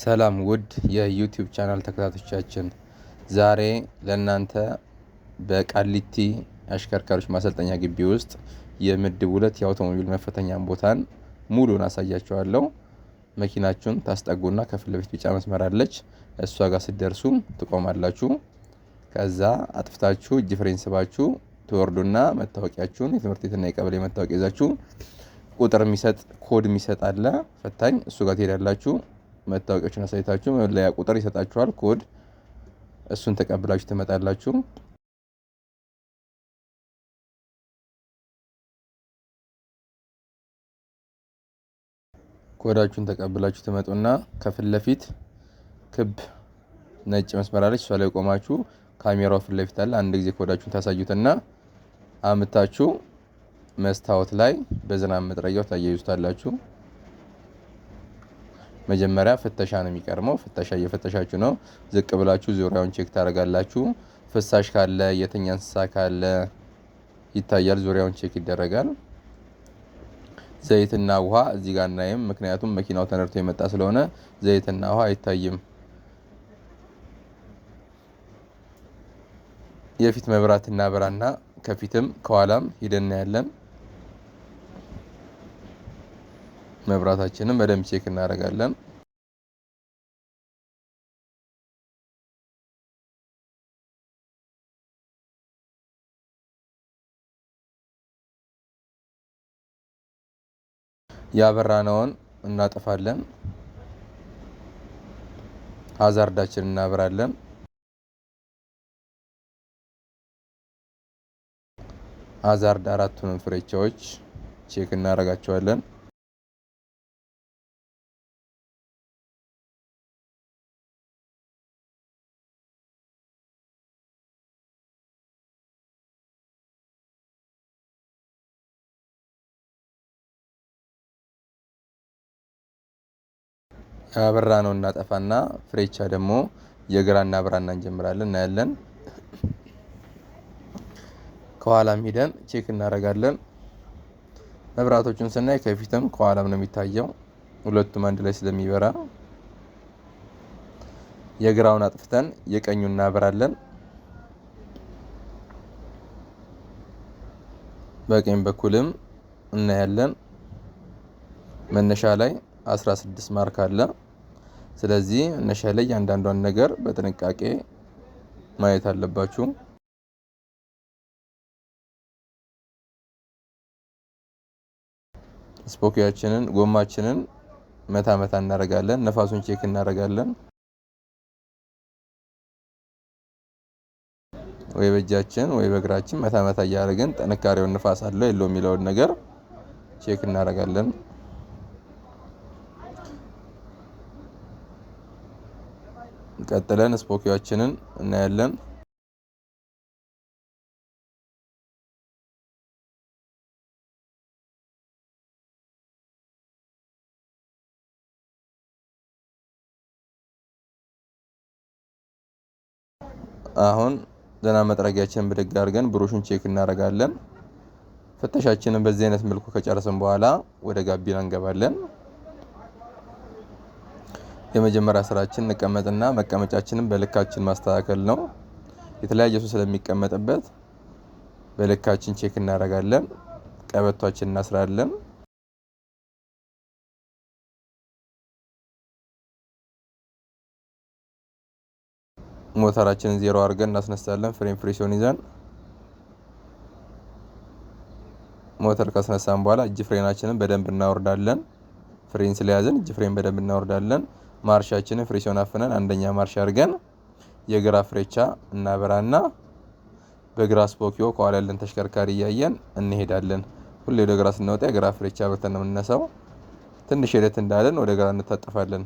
ሰላም ውድ የዩቲዩብ ቻናል ተከታታዮቻችን፣ ዛሬ ለእናንተ በቃሊቲ አሽከርካሪዎች ማሰልጠኛ ግቢ ውስጥ የምድብ ሁለት የአውቶሞቢል መፈተኛ ቦታን ሙሉን አሳያችኋለሁ። መኪናችሁን ታስጠጉና ከፊት ለፊት ቢጫ መስመር አለች፣ እሷ ጋር ስደርሱ ትቆማላችሁ። ከዛ አጥፍታችሁ እጅ ፍሬን ስባችሁ ትወርዱና መታወቂያችሁን የትምህርት ቤትና የቀበሌ መታወቂያ ይዛችሁ ቁጥር የሚሰጥ ኮድ የሚሰጥ አለ ፈታኝ፣ እሱ ጋር ትሄዳላችሁ። መታወቂያዎችን አሳይታችሁ መለያ ቁጥር ይሰጣችኋል፣ ኮድ። እሱን ተቀብላችሁ ትመጣላችሁ። ኮዳችሁን ተቀብላችሁ ትመጡና ከፊት ለፊት ክብ ነጭ መስመር አለች። እሷ ላይ ቆማችሁ ካሜራው ፊት ለፊት አለ። አንድ ጊዜ ኮዳችሁን ታሳዩትና አምታችሁ መስታወት ላይ በዝናብ መጥረጊያው ታያይዙታላችሁ። መጀመሪያ ፍተሻ ነው የሚቀርመው። ፍተሻ እየፈተሻችሁ ነው። ዝቅ ብላችሁ ዙሪያውን ቼክ ታደርጋላችሁ። ፍሳሽ ካለ፣ የተኛ እንስሳ ካለ ይታያል። ዙሪያውን ቼክ ይደረጋል። ዘይትና ውሃ እዚህ ጋር እናይም፣ ምክንያቱም መኪናው ተነድቶ የመጣ ስለሆነ ዘይትና ውሃ አይታይም። የፊት መብራትና ብራና ከፊትም ከኋላም ሂደን እናያለን። መብራታችንን በደንብ ቼክ እናደርጋለን። ያበራነውን እናጠፋለን። ሀዛርዳችን እናበራለን። ሀዛርድ አራቱንም ፍሬቻዎች ቼክ እናደርጋቸዋለን። አበራ ነው እናጠፋና ፍሬቻ ደግሞ የግራ አብራ እንጀምራለን እናያለን። ከኋላም ሂደን ቼክ እናደርጋለን። መብራቶቹን ስናይ ከፊትም ከኋላም ነው የሚታየው ሁለቱም አንድ ላይ ስለሚበራ የግራውን አጥፍተን የቀኙን እናበራለን። በቀኝ በኩልም እናያለን መነሻ ላይ 16 ማርክ አለ። ስለዚህ መነሻ ላይ እያንዳንዷን ነገር በጥንቃቄ ማየት አለባችሁ። ስፖኪያችንን ጎማችንን መታ መታ እናደርጋለን። ነፋሱን ቼክ እናደርጋለን። ወይ በእጃችን ወይ በእግራችን መታ መታ እያደረግን ጥንካሬውን ንፋስ አለው የለው የሚለውን ነገር ቼክ እናደርጋለን። ቀጥለን ስፖኪዎችንን እናያለን። አሁን ዘና መጥረጊያችንን ብድግ አድርገን ብሩሹን ቼክ እናደርጋለን። ፍተሻችንን በዚህ አይነት መልኩ ከጨረስን በኋላ ወደ ጋቢና እንገባለን። የመጀመሪያ ስራችን እንቀመጥና መቀመጫችንን በልካችን ማስተካከል ነው። የተለያየ ሰው ስለሚቀመጥበት በልካችን ቼክ እናደርጋለን። ቀበቷችን እናስራለን። ሞተራችንን ዜሮ አድርገን እናስነሳለን። ፍሬም ፍሬሽን ይዘን ሞተር ካስነሳን በኋላ እጅ ፍሬናችንን በደንብ እናወርዳለን። ፍሬን ስለያዘን እጅ ፍሬን በደንብ እናወርዳለን። ማርሻችንን ፍሬሲዮን አፍነን አንደኛ ማርሽ አድርገን የግራ ፍሬቻ እናበራና በግራ ስፖኪዮ ከኋላ ያለን ተሽከርካሪ እያየን እንሄዳለን። ሁሌ ወደ ግራ ስንወጣ የግራ ፍሬቻ ብርተን ነው የምንነሳው። ትንሽ ሄደት እንዳለን ወደ ግራ እንታጠፋለን።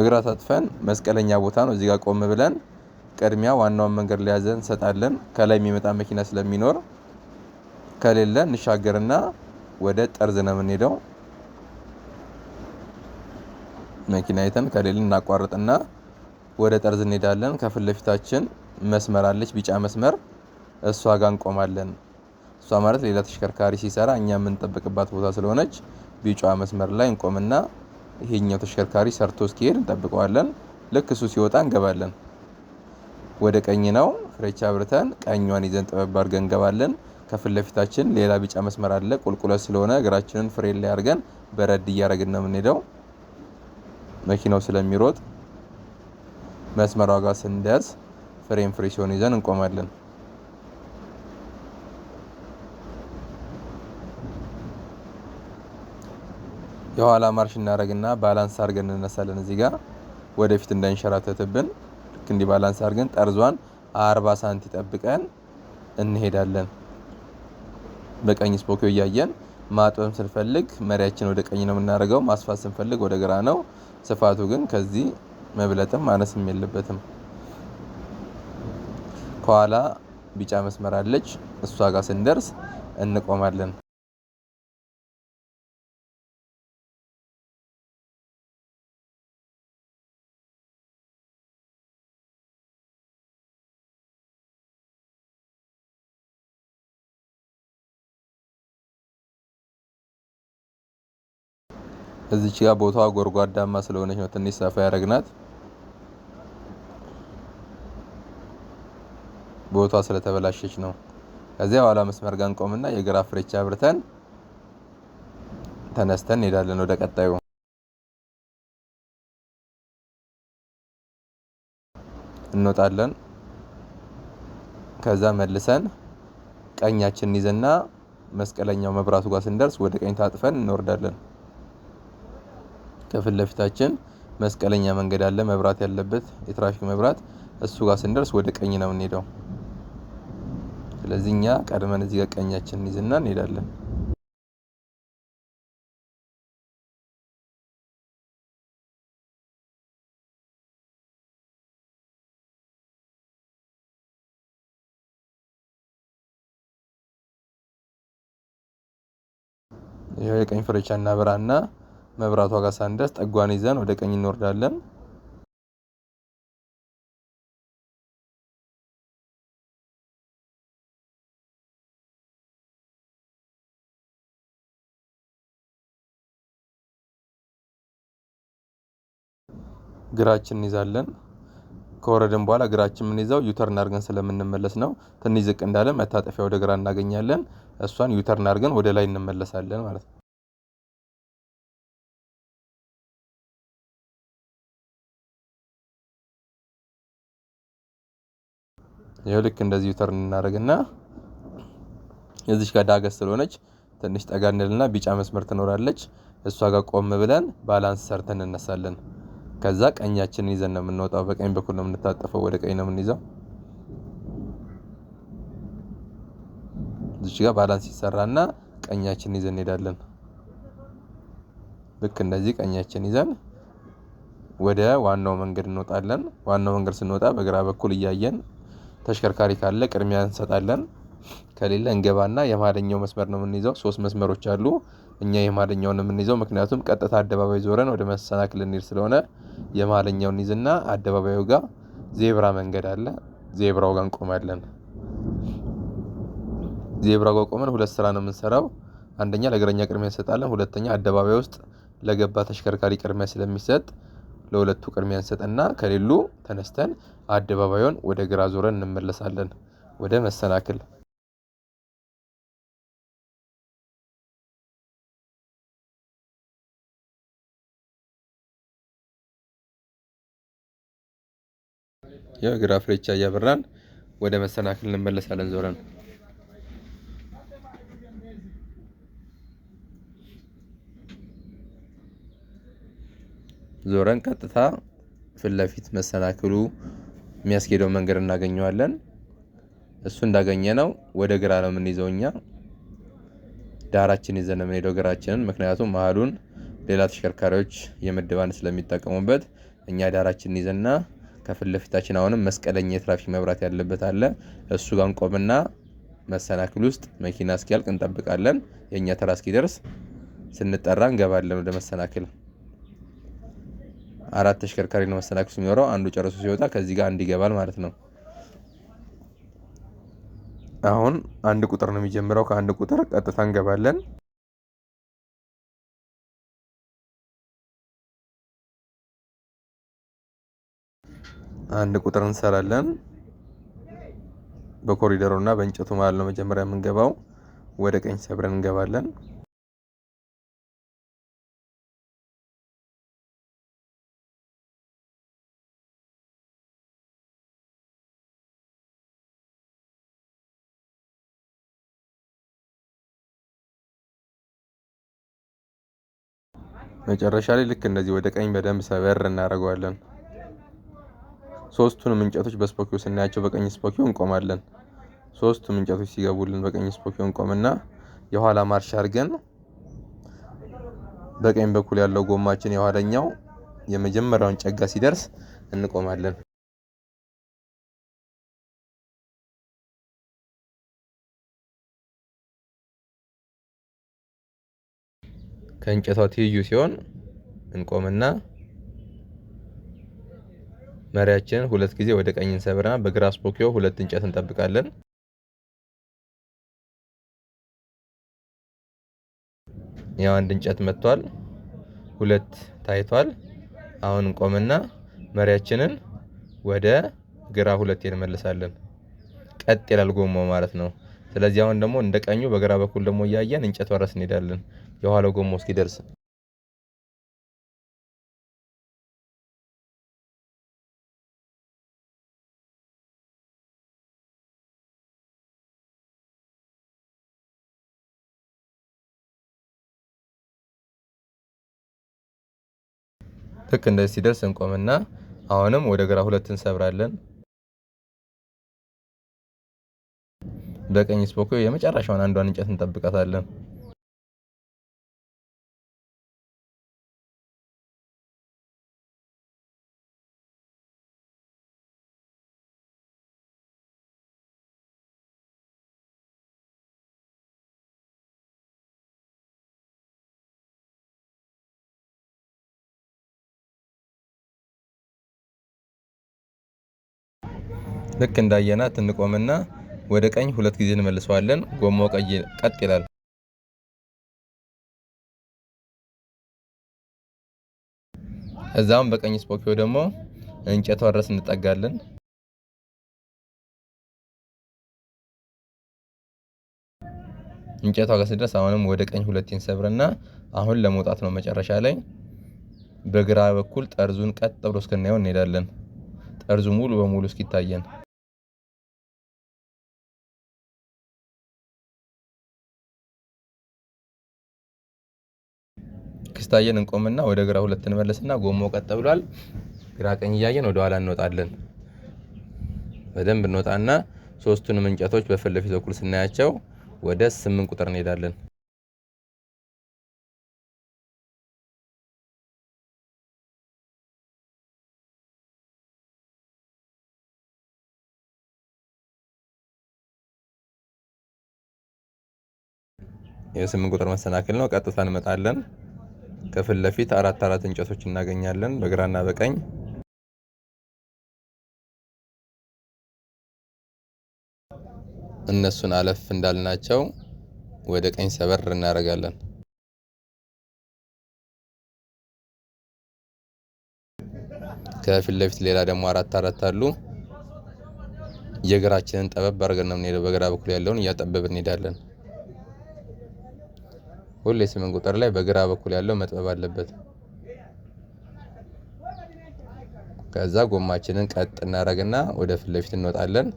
እግራ ታጥፈን መስቀለኛ ቦታ ነው እዚጋ ቆም ብለን ቅድሚያ ዋናውን መንገድ ለያዘ እንሰጣለን። ከላይ የሚመጣ መኪና ስለሚኖር ከሌለ እንሻገርና ወደ ጠርዝ ነው የምንሄደው። መኪና አይተን ከሌልን እናቋርጥና ወደ ጠርዝ እንሄዳለን። ከፊት ለፊታችን መስመር አለች፣ ቢጫ መስመር። እሷ ጋር እንቆማለን። እሷ ማለት ሌላ ተሽከርካሪ ሲሰራ እኛ የምንጠብቅባት ቦታ ስለሆነች ቢጫ መስመር ላይ እንቆምና ይሄኛው ተሽከርካሪ ሰርቶ እስኪሄድ እንጠብቀዋለን። ልክ እሱ ሲወጣ እንገባለን። ወደ ቀኝ ነው ፍሬቻ አብርተን ቀኟን ይዘን ጥበብ አድርገን እንገባለን። ከፊት ለፊታችን ሌላ ቢጫ መስመር አለ። ቁልቁለት ስለሆነ እግራችንን ፍሬን ላይ አድርገን በረድ እያደረግን ነው የምንሄደው። መኪናው ስለሚሮጥ መስመሯ ጋር ስንደርስ ፍሬን ፍሬ ሲሆን ይዘን እንቆማለን። የኋላ ማርሽ እናደርግና ባላንስ አድርገን እንነሳለን። እዚህ ጋር ወደፊት እንዳይንሸራተትብን ልክ እንዲህ ባላንስ አድርገን ጠርዟን አርባ ሳንቲ ጠብቀን እንሄዳለን። በቀኝ ስፖኪዮ እያየን ማጥበብ ስንፈልግ መሪያችን ወደ ቀኝ ነው የምናደርገው። ማስፋት ስንፈልግ ወደ ግራ ነው። ስፋቱ ግን ከዚህ መብለጥም ማነስም የለበትም። ከኋላ ቢጫ መስመር አለች። እሷ ጋር ስንደርስ እንቆማለን። እዚች ጋር ቦታዋ ጎርጓዳማ ስለሆነች ነው ትንሽ ሰፋ ያደረግናት። ቦታዋ ስለተበላሸች ነው። ከዚያ በኋላ መስመር ጋር እንቆምና የግራ ፍሬቻ አብርተን ተነስተን እንሄዳለን ወደ ቀጣዩ። እንወጣለን። ከዛ መልሰን ቀኛችን ይዘና መስቀለኛው መብራቱ ጋር ስንደርስ ወደ ቀኝ ታጥፈን እንወርዳለን። ከፊት ለፊታችን መስቀለኛ መንገድ አለ፣ መብራት ያለበት የትራፊክ መብራት። እሱ ጋር ስንደርስ ወደ ቀኝ ነው የምንሄደው። ስለዚህ እኛ ቀድመን እዚህ ጋር ቀኛችንን ይዝና እንሄዳለን። ይኸው የቀኝ ፍሬቻ እናበራና መብራቷ ጋር ሳንደርስ ጠጓን ይዘን ወደ ቀኝ እንወርዳለን። ግራችን እንይዛለን። ከወረድን በኋላ ግራችን የምንይዘው ዩተርን አድርገን ስለምንመለስ ነው። ትንሽ ዝቅ እንዳለ መታጠፊያ ወደ ግራ እናገኛለን። እሷን ዩተርን አድርገን ወደ ላይ እንመለሳለን ማለት ነው። ይኸው ልክ እንደዚህ ተር እናደርግና እዚች ጋር ዳገስ ስለሆነች ትንሽ ጠጋ እንልና ቢጫ መስመር ትኖራለች። እሷ ጋር ቆም ብለን ባላንስ ሰርተን እነሳለን። ከዛ ቀኛችንን ይዘን ነው የምንወጣው። በቀኝ በኩል ነው የምንታጠፈው፣ ወደ ቀኝ ነው የምንይዘው። እዚች ጋር ባላንስ ይሰራና ቀኛችንን ይዘን እንሄዳለን። ልክ እንደዚህ ቀኛችን ይዘን ወደ ዋናው መንገድ እንወጣለን። ዋናው መንገድ ስንወጣ በግራ በኩል እያየን ተሽከርካሪ ካለ ቅድሚያ እንሰጣለን። ከሌለ እንገባና የማደኛው መስመር ነው የምንይዘው። ሶስት መስመሮች አሉ። እኛ የማደኛውን ነው የምንይዘው፣ ምክንያቱም ቀጥታ አደባባይ ዞረን ወደ መሰናክል ልንሄድ ስለሆነ የመሀለኛውን ይዝና አደባባዩ ጋር ዜብራ መንገድ አለ። ዜብራው ጋር እንቆማለን። ዜብራ ጋር ቆመን ሁለት ስራ ነው የምንሰራው። አንደኛ ለእግረኛ ቅድሚያ እንሰጣለን። ሁለተኛ አደባባይ ውስጥ ለገባ ተሽከርካሪ ቅድሚያ ስለሚሰጥ ለሁለቱ ቅድሚያ እንሰጥና ከሌሉ ተነስተን አደባባዩን ወደ ግራ ዞረን እንመለሳለን ወደ መሰናክል። የግራ ፍሬቻ እያበራን ወደ መሰናክል እንመለሳለን ዞረን ዞረን ቀጥታ ፊት ለፊት መሰናክሉ የሚያስኬደው መንገድ እናገኘዋለን። እሱ እንዳገኘ ነው ወደ ግራ ነው የምንይዘው እኛ ዳራችን ይዘን የምንሄደው ግራችንን። ምክንያቱም መሀሉን ሌላ ተሽከርካሪዎች የምድባን ስለሚጠቀሙበት እኛ ዳራችንን ይዘና ከፊት ለፊታችን አሁንም መስቀለኛ የትራፊክ መብራት ያለበት አለ። እሱ ጋር እንቆምና መሰናክል ውስጥ መኪና እስኪያልቅ እንጠብቃለን። የእኛ ተራ እስኪደርስ ስንጠራ እንገባለን ወደ መሰናክል። አራት ተሽከርካሪ ነው መሰናክል የሚኖረው። አንዱ ጨርሶ ሲወጣ ከዚህ ጋር አንድ ይገባል ማለት ነው። አሁን አንድ ቁጥር ነው የሚጀምረው። ከአንድ ቁጥር ቀጥታ እንገባለን። አንድ ቁጥር እንሰራለን። በኮሪደሩ እና በእንጨቱ መሀል ነው መጀመሪያ የምንገባው። ወደ ቀኝ ሰብረን እንገባለን። መጨረሻ ላይ ልክ እንደዚህ ወደ ቀኝ በደንብ ሰበር እናደርገዋለን። ሶስቱንም እንጨቶች በስፖኪዮ ስናያቸው በቀኝ ስፖኪዮ እንቆማለን። ሶስቱም እንጨቶች ሲገቡልን በቀኝ ስፖኪዮ እንቆምና የኋላ ማርሽ አድርገን በቀኝ በኩል ያለው ጎማችን የኋለኛው የመጀመሪያውን ጨጋ ሲደርስ እንቆማለን። ከእንጨቷ ትይዩ ሲሆን እንቆምና መሪያችንን ሁለት ጊዜ ወደ ቀኝ እንሰብርና በግራ ስፖኪዮ ሁለት እንጨት እንጠብቃለን። ያው አንድ እንጨት መጥቷል፣ ሁለት ታይቷል። አሁን እንቆምና መሪያችንን ወደ ግራ ሁለት እንመልሳለን። ቀጥ ይላል ጎማው ማለት ነው። ስለዚህ አሁን ደግሞ እንደ ቀኙ በግራ በኩል ደግሞ እያየን እንጨት ወረስ እንሄዳለን። የኋላው ጎማ እስኪደርስ ልክ እንደዚህ ሲደርስ እንቆምና አሁንም ወደ ግራ ሁለት እንሰብራለን። በቀኝ ስፖኮ የመጨረሻውን አንዷን እንጨት እንጠብቃታለን። ልክ እንዳየናት እንቆምና ወደ ቀኝ ሁለት ጊዜ እንመልሰዋለን። ጎማው ቀጥ ይላል። እዛም በቀኝ ስፖኪዮ ደግሞ እንጨቷ ድረስ እንጠጋለን። እንጨቷ ጋር ስደርስ አሁንም ወደ ቀኝ ሁለቴን ሰብርና አሁን ለመውጣት ነው። መጨረሻ ላይ በግራ በኩል ጠርዙን ቀጥ ብሎ እስክናየው እንሄዳለን። ጠርዙ ሙሉ በሙሉ እስኪታየን ክስታየን እንቆምና ወደ ግራ ሁለት እንመለስና ጎሞ ቀጥ ብሏል። ግራ ቀኝ እያየን ወደ ኋላ እንወጣለን። በደንብ እንወጣና ሶስቱንም እንጨቶች በፊት ለፊት በኩል ስናያቸው ወደ ስምንት ቁጥር እንሄዳለን። የስምንት ቁጥር መሰናክል ነው። ቀጥታ እንመጣለን። ከፊት ለፊት አራት አራት እንጨቶች እናገኛለን በግራና በቀኝ እነሱን አለፍ እንዳልናቸው ወደ ቀኝ ሰበር እናደርጋለን። ከፊት ለፊት ሌላ ደግሞ አራት አራት አሉ። የግራችንን ጠበብ አድርገን ነው የምንሄደው። በግራ በኩል ያለውን እያጠበብን እንሄዳለን። ሁሌ ስምንት ቁጥር ላይ በግራ በኩል ያለው መጥበብ አለበት። ከዛ ጎማችንን ቀጥ እናደርግና ወደ ፊት ለፊት እንወጣለን።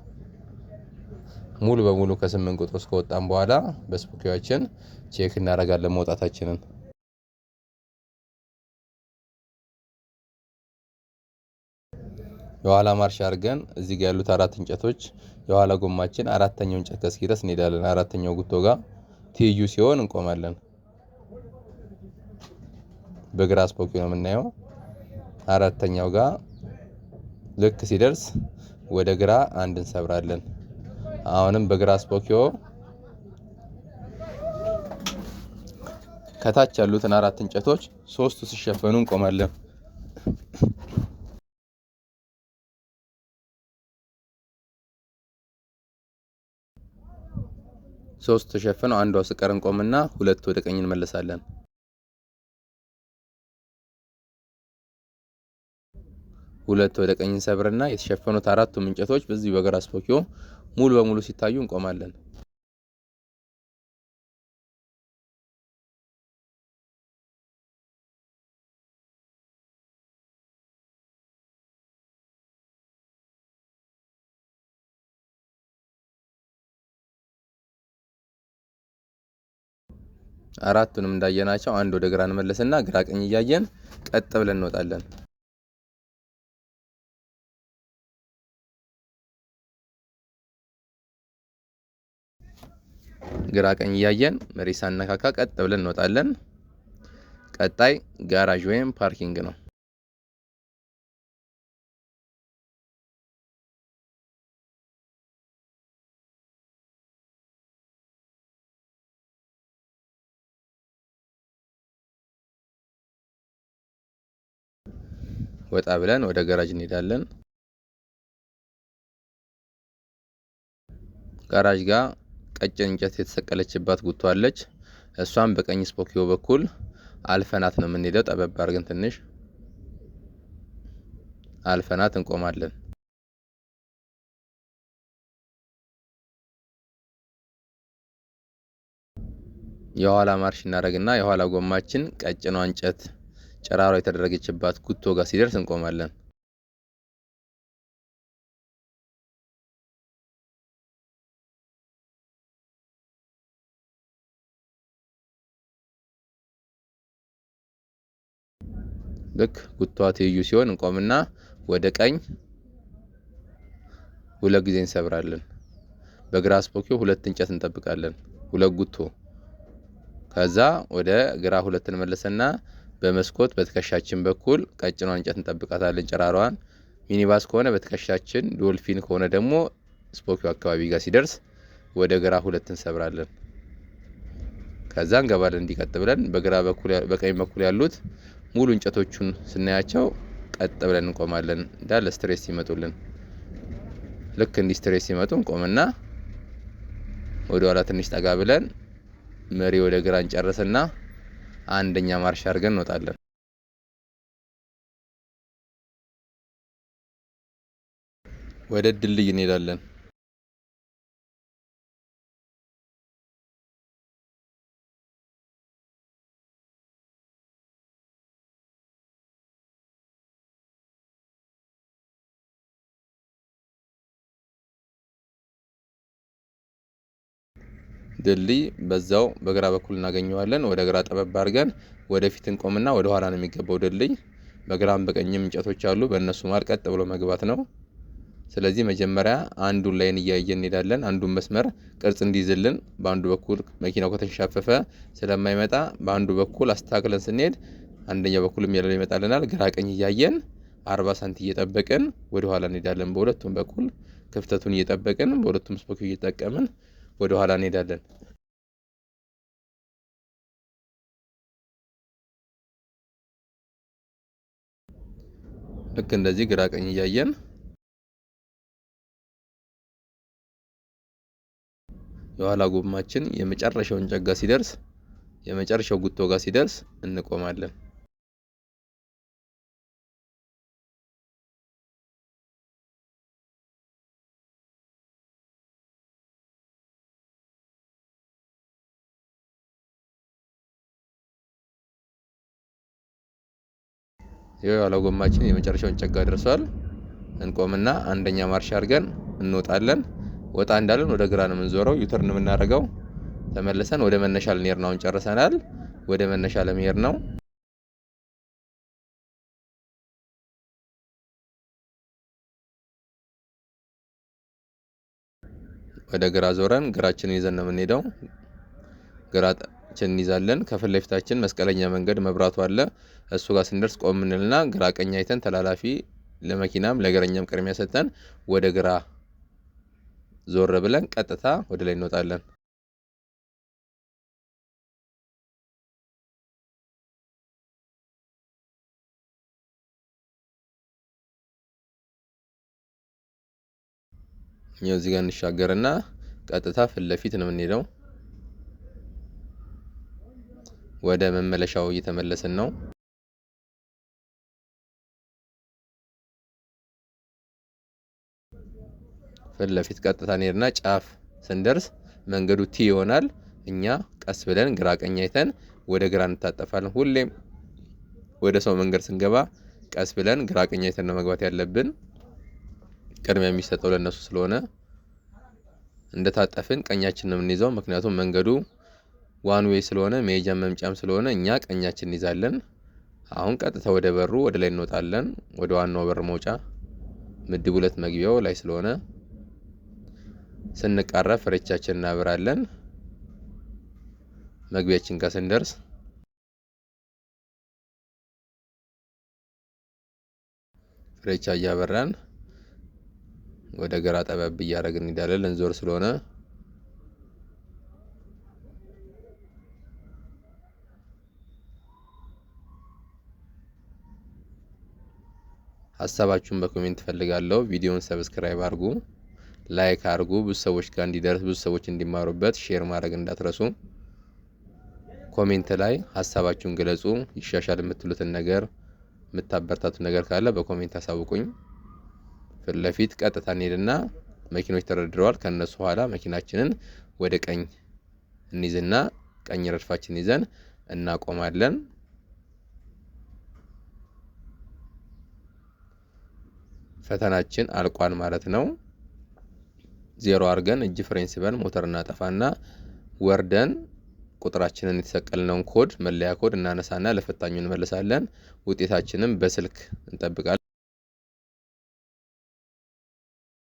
ሙሉ በሙሉ ከስምንት ቁጥር እስከወጣን በኋላ በስፖኪያችን ቼክ እናደርጋለን መውጣታችንን። የኋላ ማርሽ አድርገን እዚህ ጋር ያሉት አራት እንጨቶች የኋላ ጎማችን አራተኛው እንጨት እስኪደርስ እንሄዳለን። አራተኛው ጉቶ ጋር ትይዩ ሲሆን እንቆማለን። በግራ ስፖኪ ነው የምናየው። አራተኛው ጋር ልክ ሲደርስ ወደ ግራ አንድ እንሰብራለን። አሁንም በግራ ስፖኪዮ ከታች ያሉትን አራት እንጨቶች ሶስቱ ሲሸፈኑ እንቆማለን። ሶስቱ ተሸፍነው አንዷ ስቀር እንቆምና ሁለቱ ወደ ቀኝ እንመለሳለን። ሁለት ወደ ቀኝ ሰብርና የተሸፈኑት አራቱም እንጨቶች በዚህ በግራ ስፖኪዮ ሙሉ በሙሉ ሲታዩ እንቆማለን። አራቱንም እንዳየናቸው አንድ ወደ ግራ እንመለስና ግራ ቀኝ እያየን ቀጥ ብለን እንወጣለን። ግራ ቀኝ እያየን መሬት ሳነካካ ቀጥ ብለን እንወጣለን። ቀጣይ ጋራዥ ወይም ፓርኪንግ ነው። ወጣ ብለን ወደ ጋራጅ እንሄዳለን። ጋራጅ ጋር ቀጭን እንጨት የተሰቀለችባት ጉቶ አለች። እሷም በቀኝ ስፖኪዮ በኩል አልፈናት ነው የምንሄደው። ጠበብ አድርገን ትንሽ አልፈናት እንቆማለን። የኋላ ማርሽ እናደርግና የኋላ ጎማችን ቀጭኗ እንጨት ጨራሮ የተደረገችባት ጉቶ ጋር ሲደርስ እንቆማለን። ልክ ጉቷ ትይዩ ሲሆን እንቆምና ወደ ቀኝ ሁለት ጊዜ እንሰብራለን። በግራ ስፖኪዮ ሁለት እንጨት እንጠብቃለን፣ ሁለት ጉቶ። ከዛ ወደ ግራ ሁለት እንመለስና በመስኮት በትከሻችን በኩል ቀጭኗን እንጨት እንጠብቃታለን፣ ጨራሯን። ሚኒባስ ከሆነ በትከሻችን፣ ዶልፊን ከሆነ ደግሞ ስፖኪዮ አካባቢ ጋር ሲደርስ ወደ ግራ ሁለት እንሰብራለን። ከዛ እንገባለን እንዲቀጥ ብለን በግራ በኩል በቀኝ በኩል ያሉት ሙሉ እንጨቶቹን ስናያቸው ቀጥ ብለን እንቆማለን። እንዳለ ስትሬስ ሲመጡልን ልክ እንዲህ ስትሬስ ሲመጡ እንቆምና ወደ ኋላ ትንሽ ጠጋ ብለን መሪ ወደ ግራ እንጨርስና አንደኛ ማርሻ አድርገን እንወጣለን። ወደ ድልድይ እንሄዳለን። ድልድይ በዛው በግራ በኩል እናገኘዋለን። ወደ ግራ ጠበብ አድርገን ወደፊት እንቆምና ወደ ኋላ ነው የሚገባው ድልድይ። በግራም በቀኝም እንጨቶች አሉ። በእነሱ ማር ቀጥ ብሎ መግባት ነው። ስለዚህ መጀመሪያ አንዱን ላይን እያየን እንሄዳለን። አንዱን መስመር ቅርጽ እንዲይዝልን በአንዱ በኩል መኪናው ከተንሻፈፈ ስለማይመጣ በአንዱ በኩል አስተካክለን ስንሄድ አንደኛው በኩል እያለ ይመጣልናል። ግራ ቀኝ እያየን አርባ ሳንቲ እየጠበቅን ወደ ኋላ እንሄዳለን። በሁለቱም በኩል ክፍተቱን እየጠበቅን በሁለቱም ስፖኪ እየጠቀምን ወደ ኋላ እንሄዳለን። ልክ እንደዚህ ግራ ቀኝ እያየን የኋላ ጎማችን የመጨረሻውን ጨጋ ሲደርስ የመጨረሻው ጉቶ ጋር ሲደርስ እንቆማለን። የኋላ ጎማችን የመጨረሻውን ጨጋ ደርሷል። እንቆምና አንደኛ ማርሻ አድርገን እንወጣለን። ወጣ እንዳለን ወደ ግራ ነው የምንዞረው፣ ዩተርን የምናደርገው ተመልሰን ወደ መነሻ ልንሄድ ነው። አሁን ጨርሰናል። ወደ መነሻ ለመሄድ ነው። ወደ ግራ ዞረን ግራችንን ይዘን ነው የምንሄደው። ግራ ችን እንይዛለን። ከፊት ለፊታችን መስቀለኛ መንገድ መብራቱ አለ። እሱ ጋር ስንደርስ ቆም እንልና ግራ ቀኝ አይተን ተላላፊ ለመኪናም ለእግረኛም ቅድሚያ ሰጥተን ወደ ግራ ዞር ብለን ቀጥታ ወደ ላይ እንወጣለን። እዚህ ጋር እንሻገርና ቀጥታ ፊት ለፊት ነው የምንሄደው። ወደ መመለሻው እየተመለስን ነው። ፊት ለፊት ቀጥታ እንሄድና ጫፍ ስንደርስ መንገዱ ቲ ይሆናል። እኛ ቀስ ብለን ግራ ቀኝ አይተን ወደ ግራ እንታጠፋለን። ሁሌም ወደ ሰው መንገድ ስንገባ ቀስ ብለን ግራ ቀኝ አይተን ነው መግባት ያለብን። ቅድሚያ የሚሰጠው ለእነሱ ስለሆነ እንደታጠፍን ቀኛችን ነው የምንይዘው። ምክንያቱም መንገዱ ዋን ዌይ ስለሆነ መሄጃም መምጫም ስለሆነ እኛ ቀኛችን እንይዛለን። አሁን ቀጥታ ወደ በሩ ወደ ላይ እንወጣለን። ወደ ዋናው በር መውጫ ምድብ ሁለት መግቢያው ላይ ስለሆነ ስንቃረብ ፍሬቻችን እናብራለን። መግቢያችን ጋር ስንደርስ ፍሬቻ እያበራን ወደ ግራ ጠበብ እያደረግን እንሄዳለን። ልንዞር ስለሆነ ሀሳባችሁን በኮሜንት ፈልጋለሁ። ቪዲዮን ሰብስክራይብ አድርጉ፣ ላይክ አድርጉ፣ ብዙ ሰዎች ጋር እንዲደርስ ብዙ ሰዎች እንዲማሩበት ሼር ማድረግ እንዳትረሱ። ኮሜንት ላይ ሀሳባችሁን ግለጹ። ይሻሻል የምትሉትን ነገር የምታበረታቱ ነገር ካለ በኮሜንት አሳውቁኝ። ፊት ለፊት ቀጥታ እንሄድና መኪኖች ተደርድረዋል። ከእነሱ ኋላ መኪናችንን ወደ ቀኝ እንይዝና ቀኝ ረድፋችን ይዘን እናቆማለን። ፈተናችን አልቋል ማለት ነው። ዜሮ አድርገን እጅ ፍሬን ስበን ሞተር እናጠፋና ወርደን ቁጥራችንን የተሰቀልነውን ኮድ መለያ ኮድ እናነሳና ለፈታኙ እንመልሳለን። ውጤታችንም በስልክ እንጠብቃለን።